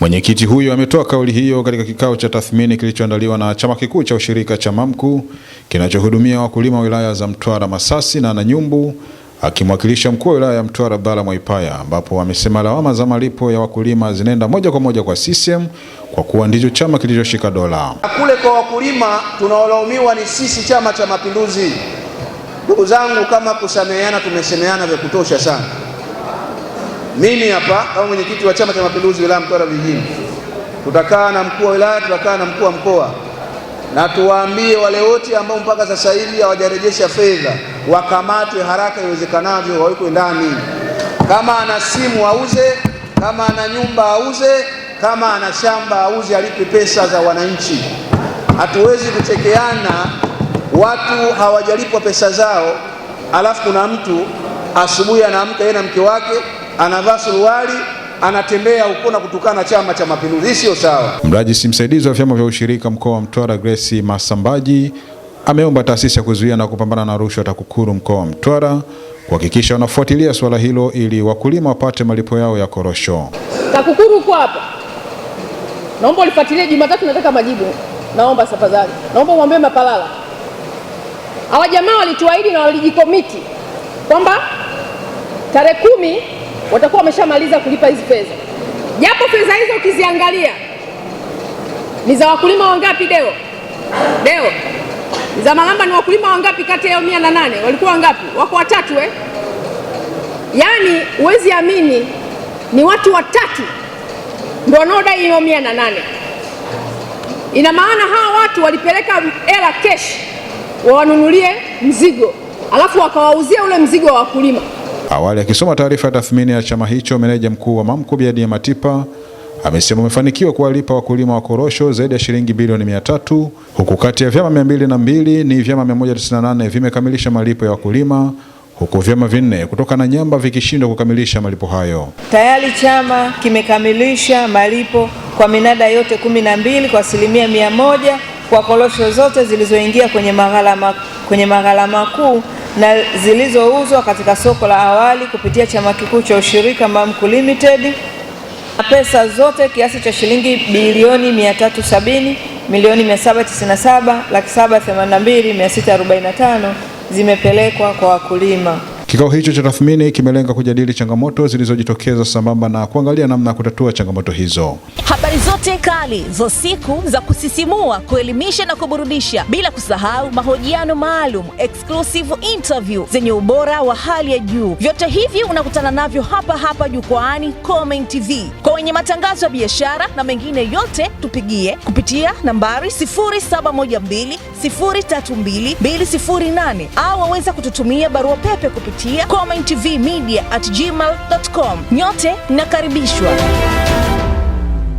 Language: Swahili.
Mwenyekiti huyo ametoa kauli hiyo katika kikao cha tathmini kilichoandaliwa na chama kikuu cha ushirika cha MAMCU kinachohudumia wakulima wilaya za Mtwara, Masasi na Nanyumbu, akimwakilisha mkuu wa wilaya ya Mtwara Abdalla Mwaipaya, ambapo amesema lawama za malipo ya wakulima zinaenda moja kwa moja kwa CCM kwa kuwa ndicho chama kilichoshika dola. Kule kwa wakulima tunaolaumiwa ni sisi, Chama cha Mapinduzi. Ndugu zangu, kama kusameheana, tumesemeana vya kutosha sana. Mimi hapa kama mwenyekiti wa Chama cha Mapinduzi wilaya Mtwara Vijijini, tutakaa na mkuu wa wilaya, tutakaa na mkuu wa mkoa na tuwaambie wale wote ambao mpaka sasa hivi hawajarejesha fedha wakamatwe haraka iwezekanavyo, wawekwe ndani. Kama ana simu auze, kama ana nyumba auze, kama ana shamba auze, alipe pesa za wananchi. Hatuwezi kuchekeana, watu hawajalipwa pesa zao, alafu kuna mtu asubuhi anaamka yeye na mke wake anavaa suruali anatembea huko na kutukana Chama cha Mapinduzi. Hii sio sawa. Mrajisi msaidizi wa vyama vya ushirika mkoa wa Mtwara Grace Masambaji ameomba taasisi ya kuzuia na kupambana na rushwa TAKUKURU mkoa wa Mtwara kuhakikisha wanafuatilia suala hilo ili wakulima wapate malipo yao ya korosho. TAKUKURU uko hapa, naomba ulifuatilie. Jumatatu nataka majibu, naomba safadhali, naomba uambie Mapalala. Hawa jamaa walituahidi na walijikomiti kwamba tarehe kumi watakuwa wameshamaliza kulipa hizi fedha, japo fedha hizo ukiziangalia ni za wakulima wangapi? Deo, Deo, za Malamba ni wakulima wangapi kati ya mia na nane walikuwa wangapi? Wako watatu eh? Yaani huwezi amini, ni watu watatu ndio wanaodai hiyo mia na nane. Ina maana hawa watu walipeleka hela kesh wawanunulie mzigo alafu wakawauzia ule mzigo wa wakulima. Awali akisoma taarifa ya tathmini ya chama hicho, meneja mkuu wa MAMCU Bedi Matipa amesema umefanikiwa kuwalipa wakulima wa korosho zaidi ya shilingi bilioni mia tatu huku kati ya vyama mia mbili na mbili ni vyama 198 vimekamilisha malipo ya wakulima huku vyama vinne kutoka na nyamba vikishindwa kukamilisha malipo hayo. Tayari chama kimekamilisha malipo kwa minada yote kumi na mbili kwa asilimia mia moja kwa korosho zote zilizoingia kwenye maghala makuu na zilizouzwa katika soko la awali kupitia chama kikuu cha ushirika MAMCU Limited na pesa zote kiasi cha shilingi bilioni 370 milioni 797 laki 782645 zimepelekwa kwa wakulima. Kikao hicho cha tathmini kimelenga kujadili changamoto zilizojitokeza sambamba na kuangalia namna ya kutatua changamoto hizo. Habari zote kali za siku za kusisimua, kuelimisha na kuburudisha, bila kusahau mahojiano maalum, exclusive interview zenye ubora wa hali ya juu, vyote hivi unakutana navyo hapa hapa jukwaani Khomein TV. Kwa wenye matangazo ya biashara na mengine yote, tupigie kupitia nambari 0712 032 208 au waweza kututumia barua pepe kupitia kupitia Khomein TV Media at gmail.com. Nyote nakaribishwa.